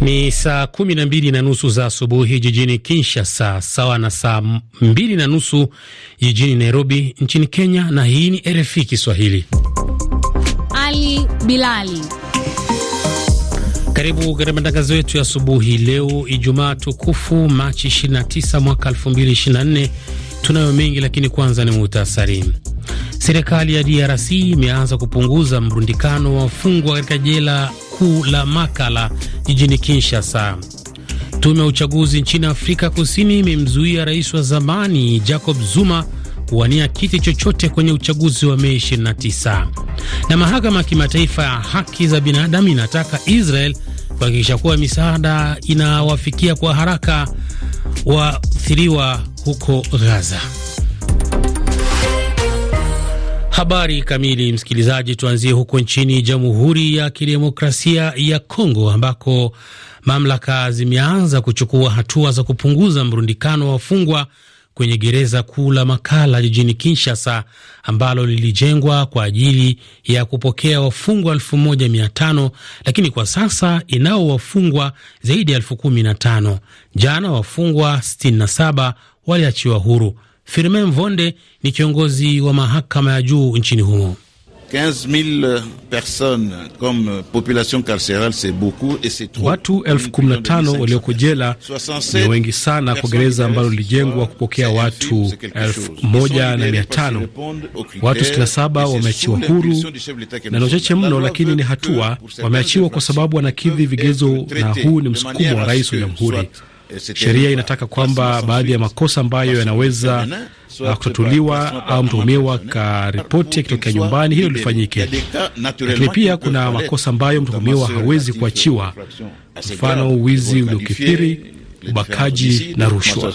Ni saa kumi na mbili na nusu za asubuhi jijini Kinshasa, sawa na saa mbili na nusu jijini Nairobi nchini Kenya. Na hii ni RFI Kiswahili. Ali Bilali, karibu katika matangazo yetu ya asubuhi leo, Ijumaa tukufu Machi 29 mwaka 2024. Tunayo mengi, lakini kwanza ni muhtasari. Serikali ya DRC imeanza kupunguza mrundikano wa wafungwa katika jela kuu la Makala jijini Kinshasa. Tume ya uchaguzi nchini Afrika Kusini imemzuia rais wa zamani Jacob Zuma kuwania kiti chochote kwenye uchaguzi wa Mei 29. Na mahakama ya kimataifa ya haki za binadamu inataka Israel kuhakikisha kuwa misaada inawafikia kwa haraka waathiriwa huko Gaza. Habari kamili, msikilizaji, tuanzie huko nchini Jamhuri ya Kidemokrasia ya Kongo ambako mamlaka zimeanza kuchukua hatua za kupunguza mrundikano wa wafungwa kwenye gereza kuu la Makala jijini Kinshasa ambalo lilijengwa kwa ajili ya kupokea wafungwa 15 lakini kwa sasa inao wafungwa zaidi ya 15 Jana wafungwa 67 waliachiwa huru. Firmin Mvonde ni kiongozi wa mahakama ya juu nchini humo. 15,000 personnes comme population carcérale c'est beaucoup et c'est trop. Watu elfu walioko jela ni wengi sana kwa gereza ambalo lilijengwa kupokea watu 15 Watu 67 wameachiwa huru na ni wachache mno, lakini ni hatua. Wameachiwa kwa sababu wanakidhi vigezo, na huu ni msukumo wa rais wa jamhuri Sheria inataka kwamba baadhi ya makosa ambayo yanaweza uh, kutatuliwa au mtuhumiwa karipoti akitokea nyumbani, hilo lifanyike. Lakini pia kuna makosa ambayo mtuhumiwa hawezi kuachiwa, mfano wizi uliokithiri, ubakaji na rushwa.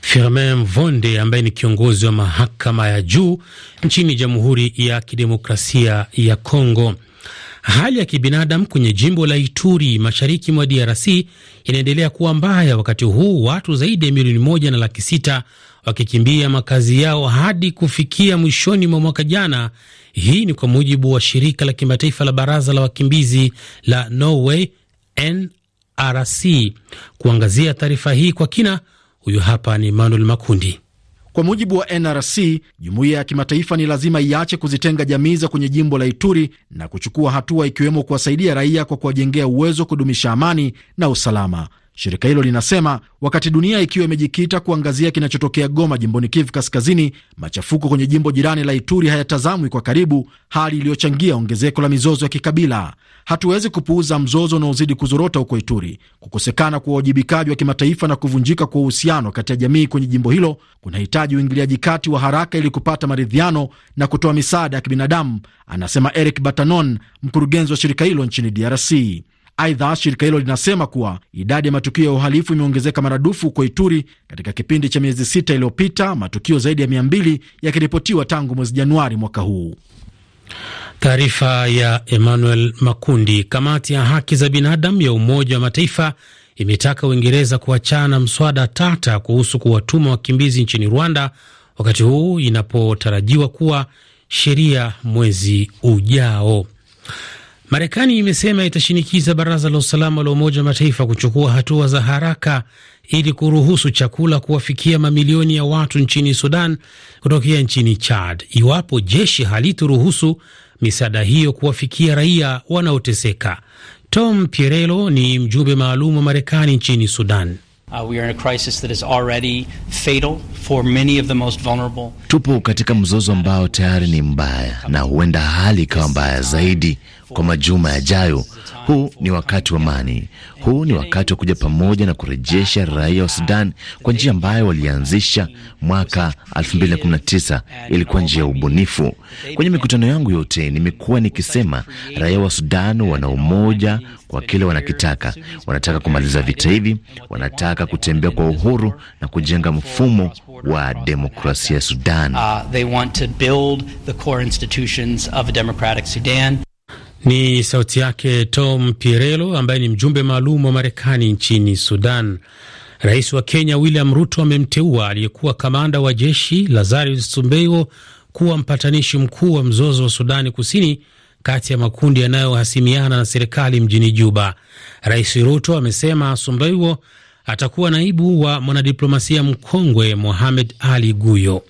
Firmin Mvonde ambaye ni kiongozi wa mahakama ya juu nchini Jamhuri ya Kidemokrasia ya Kongo. Hali ya kibinadamu kwenye jimbo la Ituri mashariki mwa DRC inaendelea kuwa mbaya, wakati huu watu zaidi ya milioni moja na laki sita wakikimbia makazi yao hadi kufikia mwishoni mwa mwaka jana. Hii ni kwa mujibu wa shirika la kimataifa la baraza la wakimbizi la Norway NRC. Kuangazia taarifa hii kwa kina, huyu hapa ni Manuel Makundi. Kwa mujibu wa NRC, jumuiya ya kimataifa ni lazima iache kuzitenga jamii za kwenye jimbo la Ituri na kuchukua hatua ikiwemo kuwasaidia raia kwa kuwajengea uwezo kudumisha amani na usalama. Shirika hilo linasema wakati dunia ikiwa imejikita kuangazia kinachotokea Goma, jimboni Kivu Kaskazini, machafuko kwenye jimbo jirani la Ituri hayatazamwi kwa karibu, hali iliyochangia ongezeko la mizozo ya kikabila. Hatuwezi kupuuza mzozo unaozidi kuzorota huko Ituri. Kukosekana kwa uwajibikaji wa kimataifa na kuvunjika kwa uhusiano kati ya jamii kwenye jimbo hilo kunahitaji uingiliaji kati wa haraka ili kupata maridhiano na kutoa misaada ya kibinadamu, anasema Eric Batanon, mkurugenzi wa shirika hilo nchini DRC. Aidha, shirika hilo linasema kuwa idadi ya matukio ya uhalifu imeongezeka maradufu kwa Ituri katika kipindi cha miezi sita iliyopita, matukio zaidi ya mia mbili yakiripotiwa tangu mwezi Januari mwaka huu. Taarifa ya Emmanuel Makundi. Kamati ya haki za binadamu ya Umoja wa Mataifa imetaka Uingereza kuachana na mswada tata kuhusu kuwatuma wakimbizi nchini Rwanda, wakati huu inapotarajiwa kuwa sheria mwezi ujao. Marekani imesema itashinikiza baraza la usalama la Umoja wa Mataifa kuchukua hatua za haraka ili kuruhusu chakula kuwafikia mamilioni ya watu nchini Sudan kutokea nchini Chad iwapo jeshi halituruhusu misaada hiyo kuwafikia raia wanaoteseka. Tom Pierello ni mjumbe maalum wa Marekani nchini Sudan. Uh, for many of the most vulnerable. Tupo katika mzozo ambao tayari ni mbaya na huenda hali ikawa mbaya zaidi kwa majuma yajayo. Huu ni wakati wa amani, huu ni wakati wa kuja pamoja na kurejesha raia wa Sudan kwa njia ambayo walianzisha mwaka 2019. Ilikuwa njia ya ubunifu. Kwenye mikutano yangu yote nimekuwa nikisema raia wa Sudan wana umoja kwa kile wanakitaka. Wanataka kumaliza vita hivi, wanataka kutembea kwa uhuru na kujenga mfumo wa demokrasia uh, ya Sudan. Ni sauti yake Tom Pirelo ambaye ni mjumbe maalum wa Marekani nchini Sudan. Rais wa Kenya William Ruto amemteua aliyekuwa kamanda wa jeshi Lazarus Sumbeiwo kuwa mpatanishi mkuu wa mzozo wa Sudani Kusini kati ya makundi yanayohasimiana na serikali mjini Juba. Rais Ruto amesema Sumbeiwo atakuwa naibu wa mwanadiplomasia mkongwe Mohamed Ali Guyo.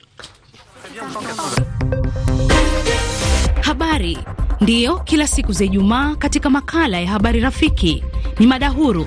Habari ndiyo kila siku za Ijumaa katika makala ya habari rafiki ni mada huru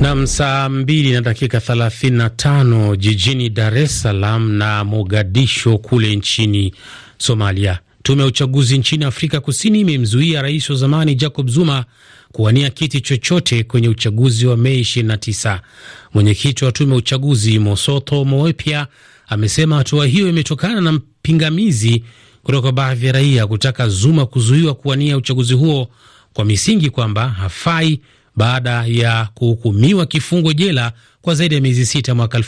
Nam, saa mbili na dakika 35 jijini Dar es Salaam na Mogadisho kule nchini Somalia. Tume ya uchaguzi nchini Afrika Kusini imemzuia rais wa zamani Jacob Zuma kuwania kiti chochote kwenye uchaguzi wa Mei 29. Mwenyekiti wa tume ya uchaguzi Mosotho Moepia amesema hatua hiyo imetokana na mpingamizi kutoka baadhi ya raia kutaka Zuma kuzuiwa kuwania uchaguzi huo kwa misingi kwamba hafai baada ya kuhukumiwa kifungo jela kwa zaidi ya miezi sita mwaka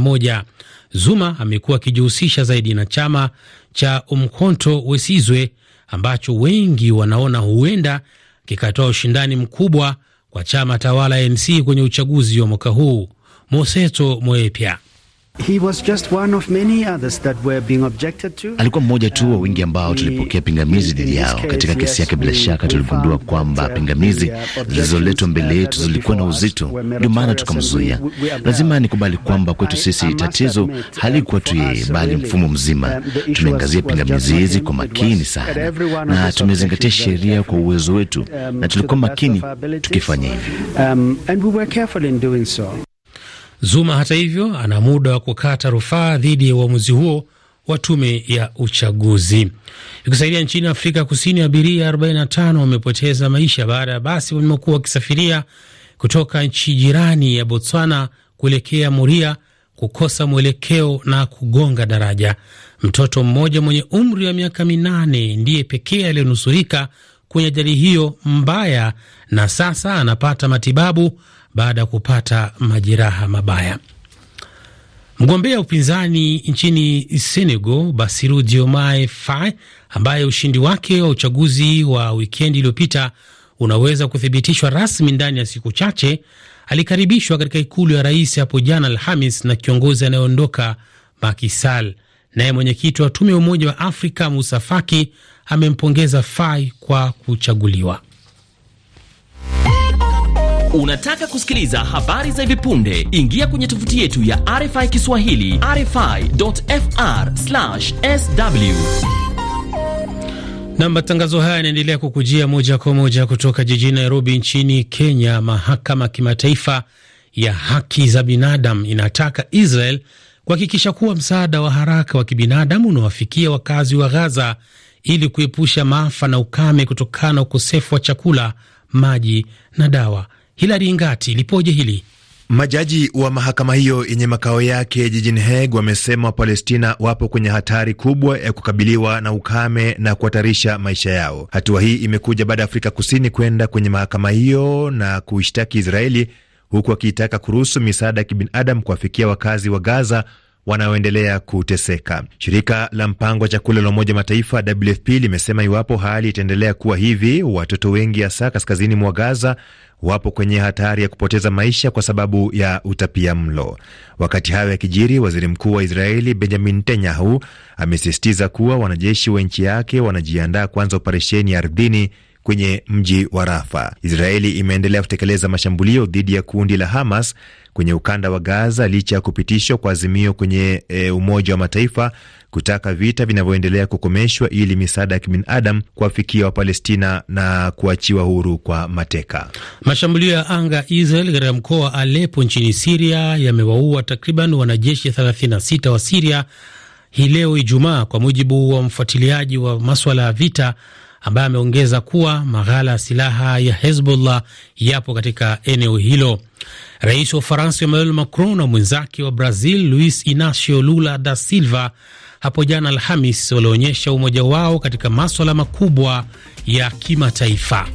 moja. Zuma amekuwa akijihusisha zaidi na chama cha Umkhonto Wesizwe ambacho wengi wanaona huenda kikatoa ushindani mkubwa kwa chama tawala ANC kwenye uchaguzi wa mwaka huu. Moseto Moepia Alikuwa mmoja tu wa wingi ambao tulipokea pingamizi dhidi yao katika kesi yake. Bila shaka tuligundua kwamba pingamizi zilizoletwa mbele yetu zilikuwa na uzito, ndio maana tukamzuia. Lazima nikubali kwamba kwetu sisi tatizo halikuwa tu yeye, bali mfumo mzima. Um, Tumeangazia pingamizi hizi kwa makini sana, na tumezingatia sheria kwa uwezo wetu, um, na tulikuwa makini tukifanya hivyo. Um, Zuma hata hivyo ana muda wa kukata rufaa dhidi ya uamuzi huo wa tume ya uchaguzi. Ikisalia nchini Afrika Kusini, abiria 45 wamepoteza maisha baada ya basi walimokuwa wakisafiria kutoka nchi jirani ya Botswana kuelekea Moria kukosa mwelekeo na kugonga daraja. Mtoto mmoja mwenye umri wa miaka minane ndiye pekee aliyonusurika kwenye ajali hiyo mbaya na sasa anapata matibabu baada ya kupata majeraha mabaya. Mgombea upinzani nchini Senegal, basiru Diomaye Faye, ambaye ushindi wake wa uchaguzi wa wikendi iliyopita unaweza kuthibitishwa rasmi ndani ya siku chache, alikaribishwa katika ikulu ya rais hapo jana Alhamis na kiongozi anayeondoka makisal Naye mwenyekiti wa tume ya Umoja wa Afrika Musa Faki amempongeza Fai kwa kuchaguliwa. Unataka kusikiliza habari za hivi punde? Ingia kwenye tovuti yetu ya RFI Kiswahili, rfi.fr/sw. Na matangazo haya yanaendelea kukujia moja kwa moja kutoka jijini Nairobi nchini Kenya. Mahakama Kimataifa ya Haki za Binadamu inataka Israel kuhakikisha kuwa msaada wa haraka wa kibinadamu unawafikia wakazi wa Gaza ili kuepusha maafa na ukame kutokana na ukosefu wa chakula, maji na dawa. Hilari Ngati lipoje hili. Majaji wa mahakama hiyo yenye makao yake jijini Hague wamesema Wapalestina wapo kwenye hatari kubwa ya kukabiliwa na ukame na kuhatarisha maisha yao. Hatua hii imekuja baada ya Afrika Kusini kwenda kwenye mahakama hiyo na kuishtaki Israeli, huku akiitaka kuruhusu misaada ya kibinadamu kuwafikia wakazi wa Gaza wanaoendelea kuteseka. Shirika la mpango wa chakula la Umoja Mataifa WFP limesema iwapo hali itaendelea kuwa hivi, watoto wengi hasa kaskazini mwa Gaza wapo kwenye hatari ya kupoteza maisha kwa sababu ya utapia mlo. Wakati hayo yakijiri, waziri mkuu wa Israeli Benjamin Netanyahu amesisitiza kuwa wanajeshi wa nchi yake wanajiandaa kuanza operesheni ardhini kwenye mji wa Rafa. Israeli imeendelea kutekeleza mashambulio dhidi ya kundi la Hamas kwenye ukanda wa Gaza licha ya kupitishwa kwa azimio kwenye e, Umoja wa Mataifa kutaka vita vinavyoendelea kukomeshwa ili misaada ya kibinadamu kuwafikia Wapalestina na kuachiwa huru kwa mateka. Mashambulio ya anga Israel katika mkoa wa Alepo nchini Siria yamewaua takriban wanajeshi 36 wa Siria hii leo Ijumaa, kwa mujibu wa mfuatiliaji wa maswala ya vita ambaye ameongeza kuwa maghala ya silaha ya Hezbollah yapo katika eneo hilo. Rais wa Ufaransa Emmanuel Macron na mwenzake wa Brazil Luis Inacio Lula da Silva hapo jana Alhamis walionyesha umoja wao katika maswala makubwa ya kimataifa.